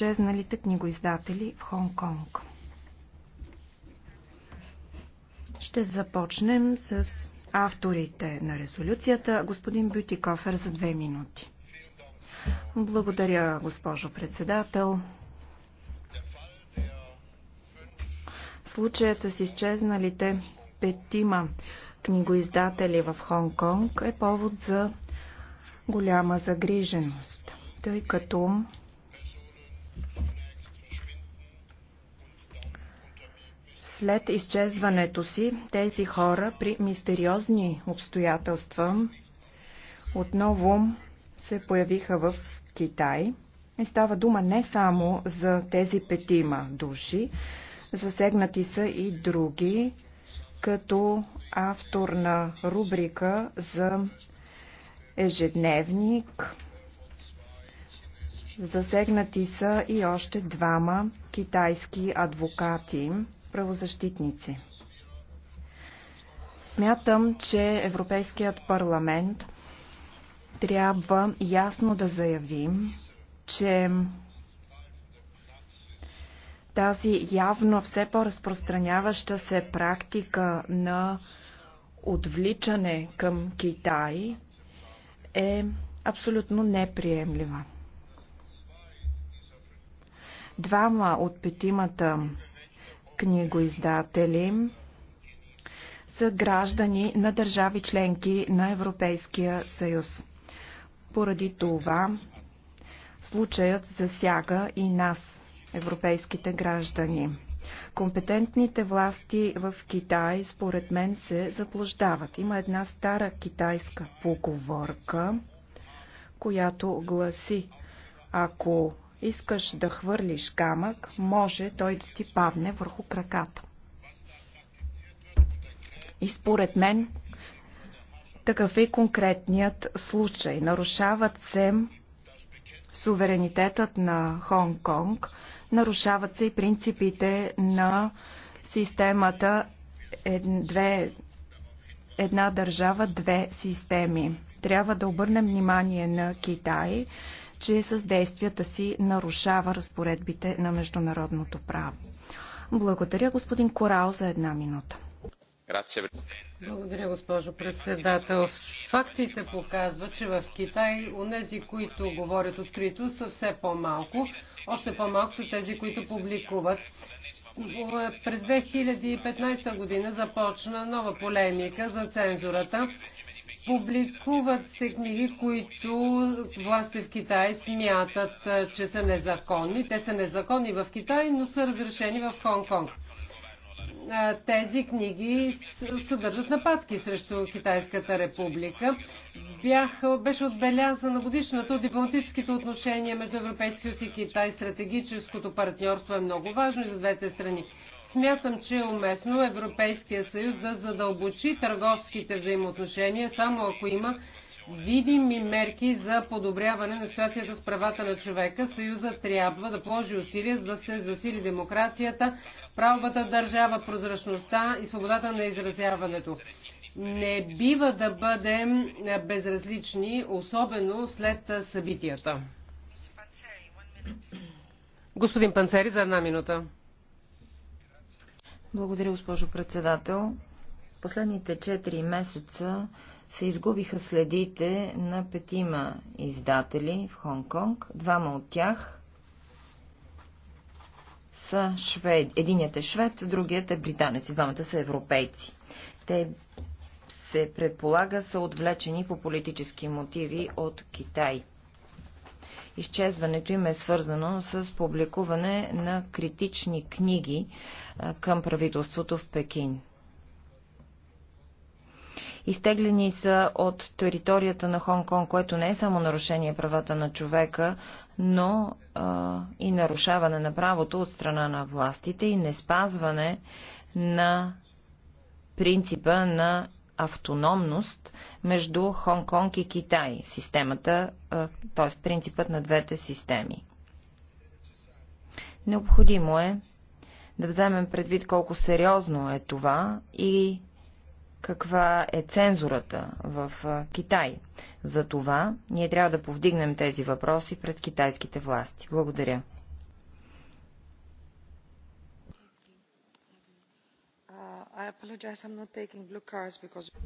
изчезналите книгоиздатели в Хонг-Конг. Ще започнем с авторите на резолюцията, господин Бютикофер за две минути. Благодаря, госпожо председател. Случаят с изчезналите петима книгоиздатели в Хонг-Конг е повод за голяма загриженост, тъй като След изчезването си, тези хора при мистериозни обстоятелства отново се появиха в Китай. И става дума не само за тези петима души, засегнати са и други, като автор на рубрика за ежедневник. Засегнати са и още двама китайски адвокати правозащитници. Смятам, че Европейският парламент трябва ясно да заявим, че тази явно все по-разпространяваща се практика на отвличане към Китай е абсолютно неприемлива. Двама от петимата книгоиздатели са граждани на държави членки на Европейския съюз. Поради това случаят засяга и нас, европейските граждани. Компетентните власти в Китай, според мен, се заблуждават. Има една стара китайска поговорка, която гласи, ако Искаш да хвърлиш камък, може той да ти падне върху краката. И според мен такъв е конкретният случай. Нарушават се суверенитетът на Хонг-Конг, нарушават се и принципите на системата ед, две, една държава, две системи. Трябва да обърнем внимание на Китай, че с действията си нарушава разпоредбите на международното право. Благодаря господин Корал за една минута. Благодаря, госпожо председател. Фактите показват, че в Китай онези, които говорят открито, са все по-малко. Още по-малко са тези, които публикуват. През 2015 година започна нова полемика за цензурата. Публикуват се книги, които властите в Китай смятат, че са незаконни. Те са незаконни в Китай, но са разрешени в Хонг-Конг. Тези книги съдържат нападки срещу Китайската република. Бях, беше отбелязана годишната от дипломатическите отношения между Европейския съюз и Китай. Стратегическото партньорство е много важно и за двете страни. Смятам, че е уместно Европейския съюз да задълбочи търговските взаимоотношения, само ако има видими мерки за подобряване на ситуацията с правата на човека. Съюза трябва да положи усилия за да се засили демокрацията, правовата държава, прозрачността и свободата на изразяването. Не бива да бъдем безразлични, особено след събитията. Господин Панцери, за една минута. Благодаря, госпожо председател. Последните 4 месеца се изгубиха следите на петима издатели в Хонг-Конг. Двама от тях са швед. Единият е швед, другият е британец и двамата са европейци. Те се предполага са отвлечени по политически мотиви от Китай. Изчезването им е свързано с публикуване на критични книги към правителството в Пекин. Изтеглени са от територията на Хонг-Конг, което не е само нарушение правата на човека, но а, и нарушаване на правото от страна на властите и неспазване на принципа на автономност между Хонг-Конг и Китай, системата, т.е. принципът на двете системи. Необходимо е да вземем предвид колко сериозно е това и каква е цензурата в Китай. За това ние трябва да повдигнем тези въпроси пред китайските власти. Благодаря.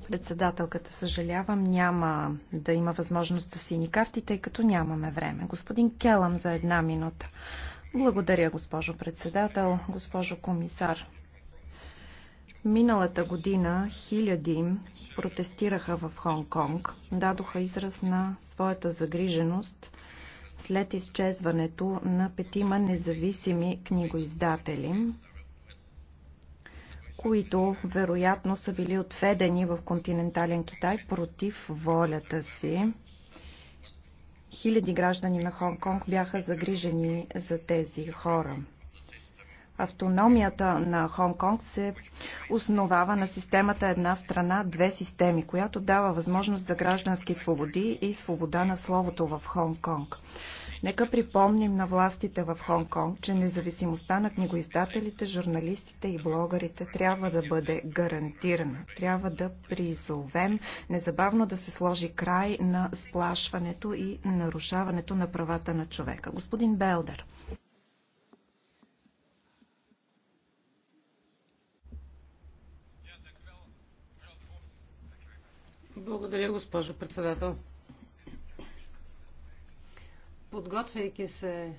Председателката, съжалявам, няма да има възможност за сини карти, тъй като нямаме време. Господин Келам за една минута. Благодаря, госпожо председател, госпожо комисар. Миналата година хиляди протестираха в Хонг-Конг, дадоха израз на своята загриженост след изчезването на петима независими книгоиздатели, които вероятно са били отведени в континентален Китай против волята си. Хиляди граждани на Хонг-Конг бяха загрижени за тези хора. Автономията на Хонг-Конг се основава на системата една страна, две системи, която дава възможност за граждански свободи и свобода на словото в Хонг-Конг. Нека припомним на властите в Хонг-Конг, че независимостта на книгоиздателите, журналистите и блогърите трябва да бъде гарантирана. Трябва да призовем незабавно да се сложи край на сплашването и нарушаването на правата на човека. Господин Белдер. Благодаря, госпожо председател. Подготвяйки се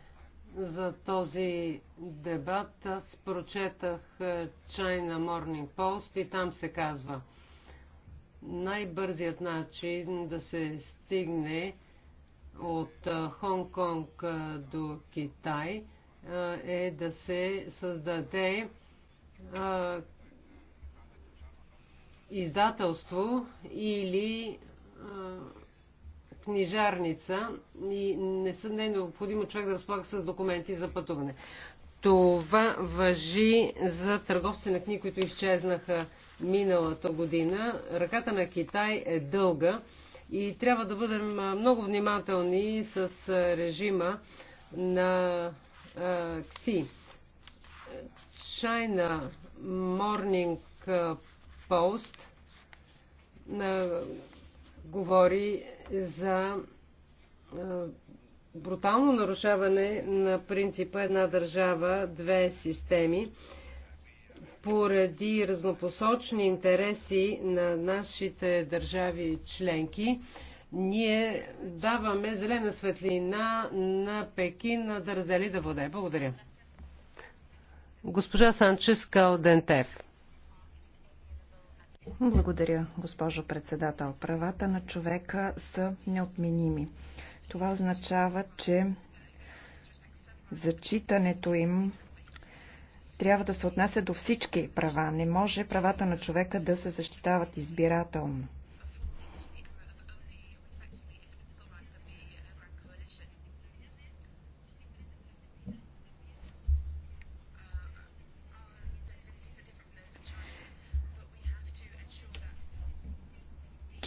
за този дебат, аз прочетах е, China Morning Post и там се казва най-бързият начин да се стигне от е, Хонг-Конг е, до Китай е да се създаде издателство или книжарница и не, са, не е необходимо човек да разполага с документи за пътуване. Това въжи за търговци на книги, които изчезнаха миналата година. Ръката на Китай е дълга и трябва да бъдем много внимателни с режима на КСИ. China Morning Post говори за брутално нарушаване на принципа една държава, две системи. Поради разнопосочни интереси на нашите държави членки, ние даваме зелена светлина на Пекин да раздели да воде. Благодаря. Госпожа Санчес Калдентев. Благодаря, госпожо председател. Правата на човека са неотменими. Това означава, че зачитането им трябва да се отнася до всички права. Не може правата на човека да се защитават избирателно.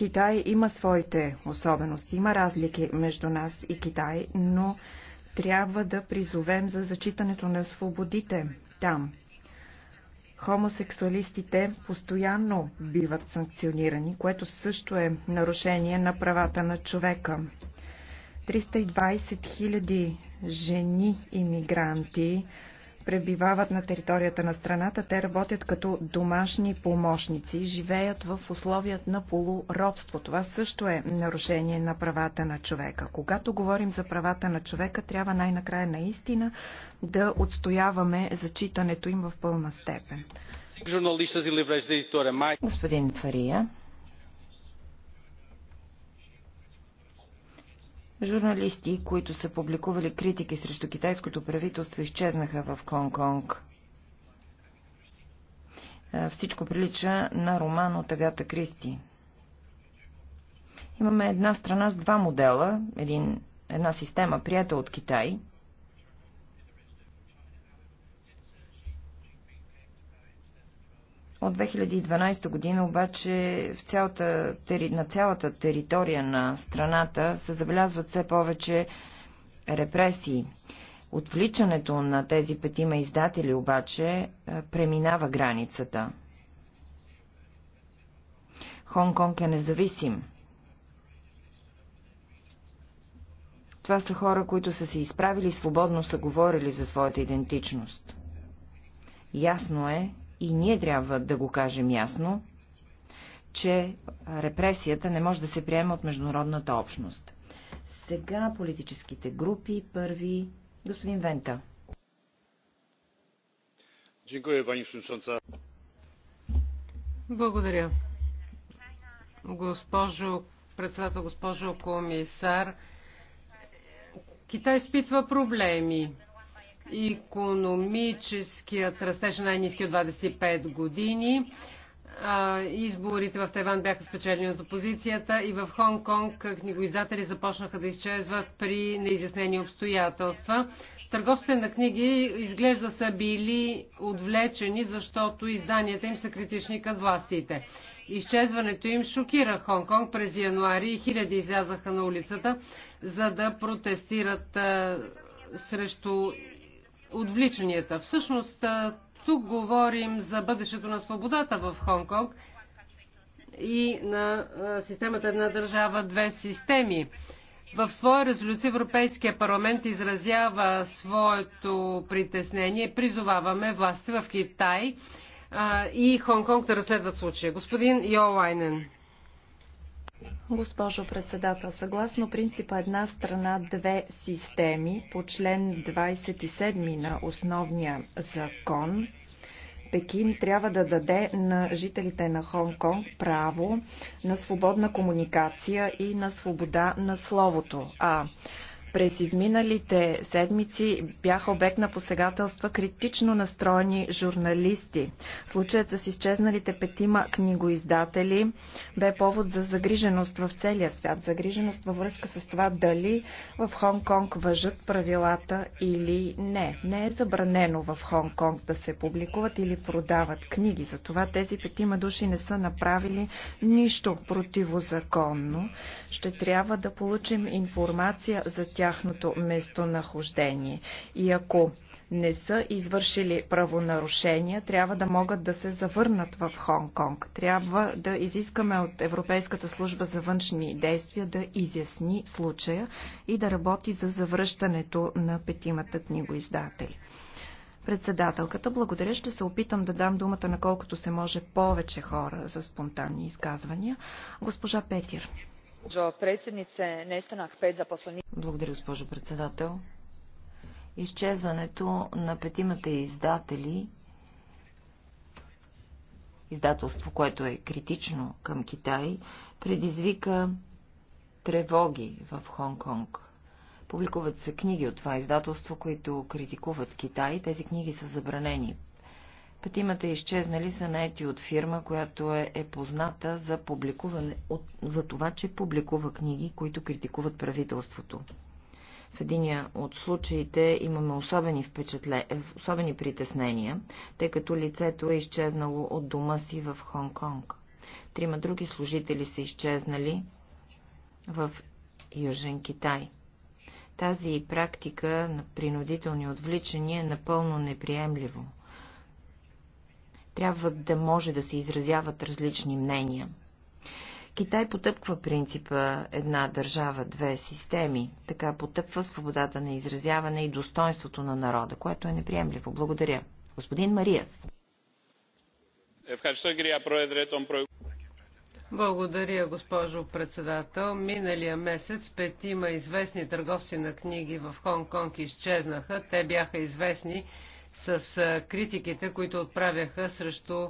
Китай има своите особености, има разлики между нас и Китай, но трябва да призовем за зачитането на свободите там. Хомосексуалистите постоянно биват санкционирани, което също е нарушение на правата на човека. 320 000 жени иммигранти пребивават на територията на страната. Те работят като домашни помощници живеят в условият на полуробство. Това също е нарушение на правата на човека. Когато говорим за правата на човека, трябва най-накрая наистина да отстояваме зачитането им в пълна степен. Е Господин Фария. Журналисти, които са публикували критики срещу китайското правителство, изчезнаха в Конг-Конг. Всичко прилича на роман от Агата Кристи. Имаме една страна с два модела, един, една система, прията от Китай – От 2012 година обаче в цялата, на цялата територия на страната се забелязват все повече репресии. Отвличането на тези петима издатели обаче е, преминава границата. Хонг-Конг е независим. Това са хора, които са се изправили свободно са говорили за своята идентичност. Ясно е, и ние трябва да го кажем ясно, че репресията не може да се приема от международната общност. Сега политическите групи. Първи господин Вента. Благодаря. Госпожо председател, госпожо комисар, Китай изпитва проблеми. Икономическият растеж е най-низки от 25 години. Изборите в Тайван бяха спечелени от опозицията и в Хонг-Конг книгоиздатели започнаха да изчезват при неизяснени обстоятелства. Търговците на книги изглежда са били отвлечени, защото изданията им са критични към властите. Изчезването им шокира Хонг-Конг през януари и хиляди излязаха на улицата, за да протестират срещу отвличанията. Всъщност, тук говорим за бъдещето на свободата в Хонконг и на системата една държава, две системи. В своя резолюция Европейския парламент изразява своето притеснение. Призоваваме власти в Китай и Хонконг да разследват случая. Господин Йолайнен. Госпожо председател, съгласно принципа една страна, две системи по член 27 на основния закон, Пекин трябва да даде на жителите на Хонг Конг право на свободна комуникация и на свобода на словото. А през изминалите седмици бяха обект на посегателства критично настроени журналисти. Случаят с изчезналите петима книгоиздатели бе повод за загриженост в целия свят. Загриженост във връзка с това дали в Хонг-Конг въжат правилата или не. Не е забранено в Хонг-Конг да се публикуват или продават книги. Затова тези петима души не са направили нищо противозаконно. Ще трябва да получим информация за тях тяхното местонахождение. И ако не са извършили правонарушения, трябва да могат да се завърнат в Хонг-Конг. Трябва да изискаме от Европейската служба за външни действия да изясни случая и да работи за завръщането на петимата книгоиздатели. Председателката, благодаря. Ще се опитам да дам думата на колкото се може повече хора за спонтанни изказвания. Госпожа Петир. Благодаря, госпожо председател. Изчезването на петимата издатели, издателство, което е критично към Китай, предизвика тревоги в Хонг-Конг. Публикуват се книги от това издателство, които критикуват Китай. Тези книги са забранени Петимата е изчезнали са наети от фирма, която е, е позната за, публикуване, от, за това, че публикува книги, които критикуват правителството. В единия от случаите имаме особени, впечатле... Е, особени притеснения, тъй като лицето е изчезнало от дома си в Хонг-Конг. Трима други служители са изчезнали в Южен Китай. Тази практика на принудителни отвличания е напълно неприемливо. Трябва да може да се изразяват различни мнения. Китай потъпква принципа една държава, две системи. Така потъпва свободата на изразяване и достоинството на народа, което е неприемливо. Благодаря. Господин Мариас. Благодаря, госпожо председател. Миналия месец петима известни търговци на книги в Хонг-Конг изчезнаха. Те бяха известни с критиките, които отправяха срещу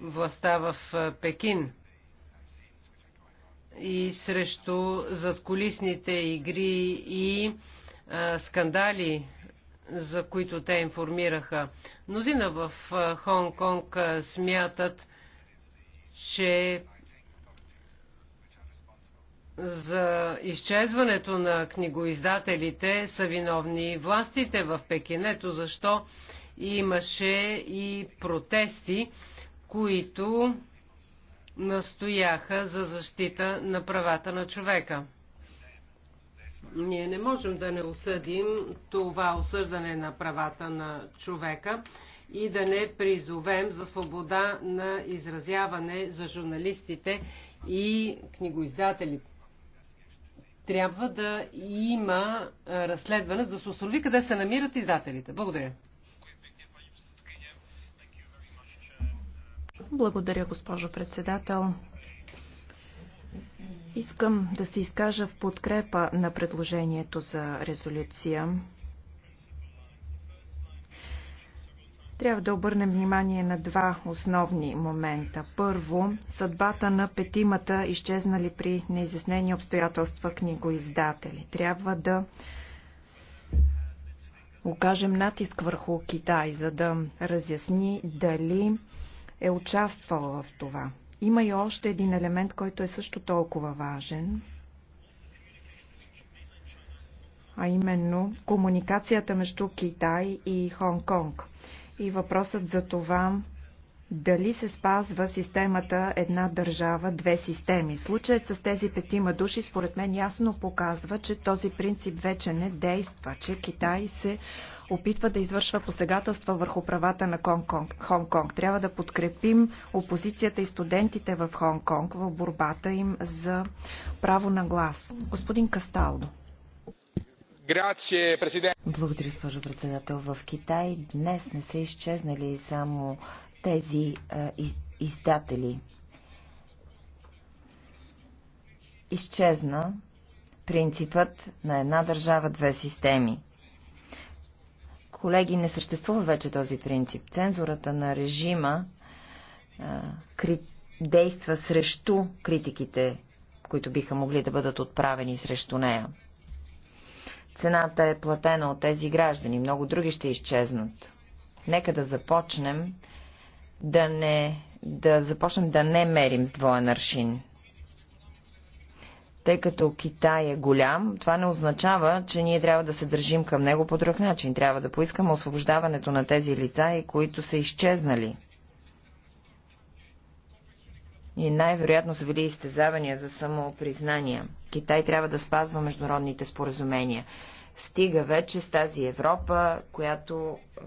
властта в Пекин и срещу задколисните игри и скандали, за които те информираха. Мнозина в Хонг-Конг смятат, че за изчезването на книгоиздателите са виновни властите в Пекинето, защо имаше и протести, които настояха за защита на правата на човека. Ние не можем да не осъдим това осъждане на правата на човека и да не призовем за свобода на изразяване за журналистите и книгоиздателите трябва да има разследване, за да се установи къде се намират издателите. Благодаря. Благодаря, госпожо председател. Искам да се изкажа в подкрепа на предложението за резолюция. Трябва да обърнем внимание на два основни момента. Първо, съдбата на петимата, изчезнали при неизяснени обстоятелства книгоиздатели. Трябва да окажем натиск върху Китай, за да разясни дали е участвал в това. Има и още един елемент, който е също толкова важен, а именно комуникацията между Китай и Хонг-Конг и въпросът за това дали се спазва системата една държава, две системи. Случаят с тези петима души според мен ясно показва, че този принцип вече не действа, че Китай се опитва да извършва посегателства върху правата на Хонг-Конг. Трябва да подкрепим опозицията и студентите в Хонг-Конг в борбата им за право на глас. Господин Касталдо. Благодаря, госпожо председател. В Китай днес не са изчезнали само тези а, из, издатели. Изчезна принципът на една държава, две системи. Колеги, не съществува вече този принцип. Цензурата на режима а, кри... действа срещу критиките, които биха могли да бъдат отправени срещу нея. Цената е платена от тези граждани, много други ще изчезнат. Нека да започнем да не да започнем да не мерим с двоен аршин. Тъй като Китай е голям, това не означава, че ние трябва да се държим към него по друг начин. Трябва да поискаме освобождаването на тези лица, които са изчезнали и най-вероятно са били изтезавания за самопризнания. Китай трябва да спазва международните споразумения. Стига вече с тази Европа, която е,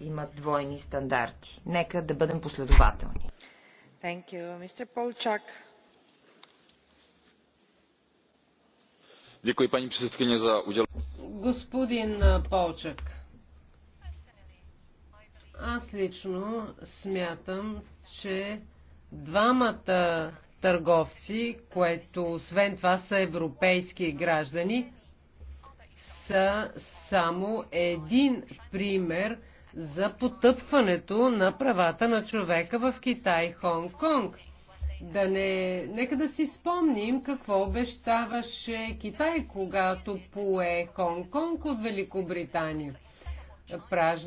има двойни стандарти. Нека да бъдем последователни. Thank you, Mr. Polchak. Děkuji paní předsedkyně za udělení. Господин е, Полчак, аз лично смятам, че двамата търговци, което освен това са европейски граждани, са само един пример за потъпването на правата на човека в Китай, Хонг-Конг. Да не... Нека да си спомним какво обещаваше Китай, когато пое Хонг-Конг от Великобритания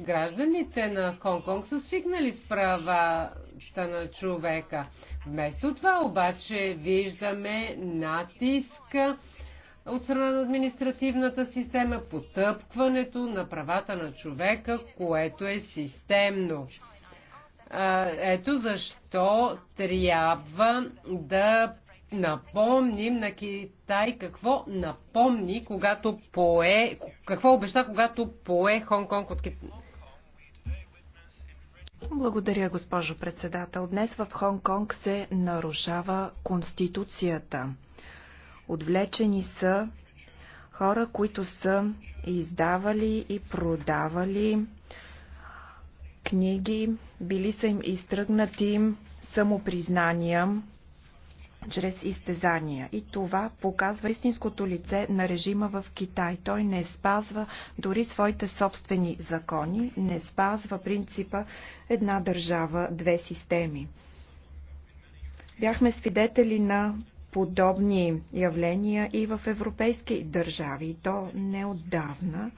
гражданите на Хонг-Конг са свикнали с правата на човека. Вместо това обаче виждаме натиск от страна на административната система, потъпкването на правата на човека, което е системно. Ето защо трябва да напомним на Китай какво напомни, когато пое, какво обеща, когато пое Хонг-Конг от Китай. Благодаря, госпожо председател. Днес в Хонг-Конг се нарушава конституцията. Отвлечени са хора, които са издавали и продавали книги, били са им изтръгнати самопризнания, чрез изтезания. И това показва истинското лице на режима в Китай. Той не спазва дори своите собствени закони, не спазва принципа една държава, две системи. Бяхме свидетели на подобни явления и в европейски държави, то неотдавна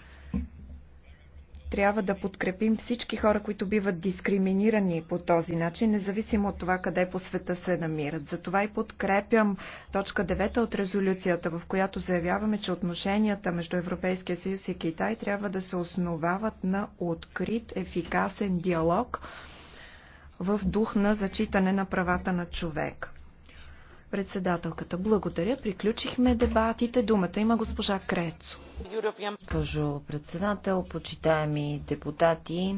трябва да подкрепим всички хора, които биват дискриминирани по този начин, независимо от това къде по света се намират. Затова и подкрепям точка 9 от резолюцията, в която заявяваме, че отношенията между Европейския съюз и Китай трябва да се основават на открит, ефикасен диалог в дух на зачитане на правата на човек. Председателката, благодаря. Приключихме дебатите. Думата има госпожа Крецо. Госпожо председател, почитаеми депутати,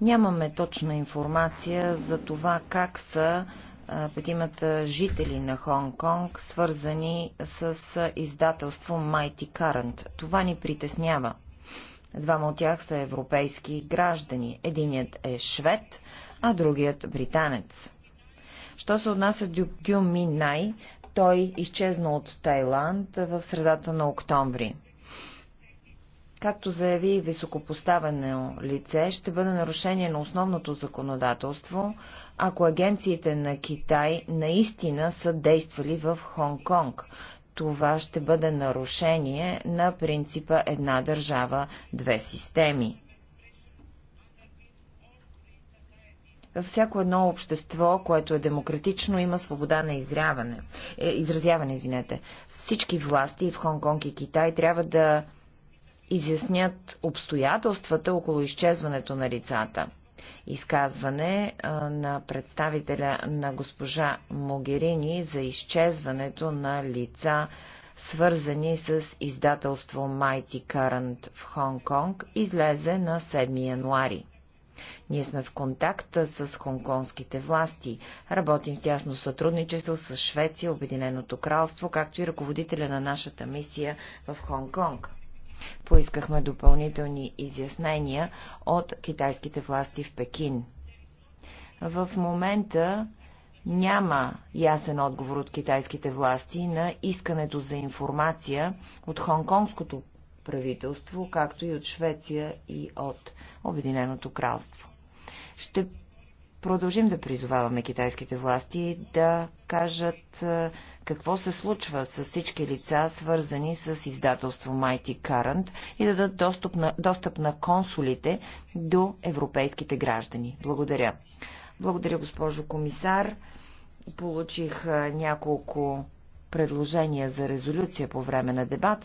нямаме точна информация за това как са петимата жители на Хонг-Конг, свързани с издателство Mighty Current. Това ни притеснява. Двама от тях са европейски граждани. Единият е швед, а другият британец. Що се отнася до Гю Минай, той изчезна от Тайланд в средата на октомври. Както заяви високопоставено лице, ще бъде нарушение на основното законодателство, ако агенциите на Китай наистина са действали в Хонг-Конг. Това ще бъде нарушение на принципа една държава, две системи. всяко едно общество, което е демократично, има свобода на изряване, е, изразяване. Извинете. Всички власти в Хонконг и Китай трябва да изяснят обстоятелствата около изчезването на лицата. Изказване на представителя на госпожа Могерини за изчезването на лица, свързани с издателство Mighty Current в Хонг-Конг, излезе на 7 януари. Ние сме в контакт с хонконгските власти. Работим в тясно сътрудничество с Швеция, Обединеното кралство, както и ръководителя на нашата мисия в Хонконг. Поискахме допълнителни изяснения от китайските власти в Пекин. В момента няма ясен отговор от китайските власти на искането за информация от хонконгското правителство, както и от Швеция и от Обединеното кралство. Ще продължим да призоваваме китайските власти да кажат какво се случва с всички лица, свързани с издателство Mighty Current и да дадат достъп на, достъп на консулите до европейските граждани. Благодаря. Благодаря, госпожо комисар. Получих няколко предложения за резолюция по време на дебата.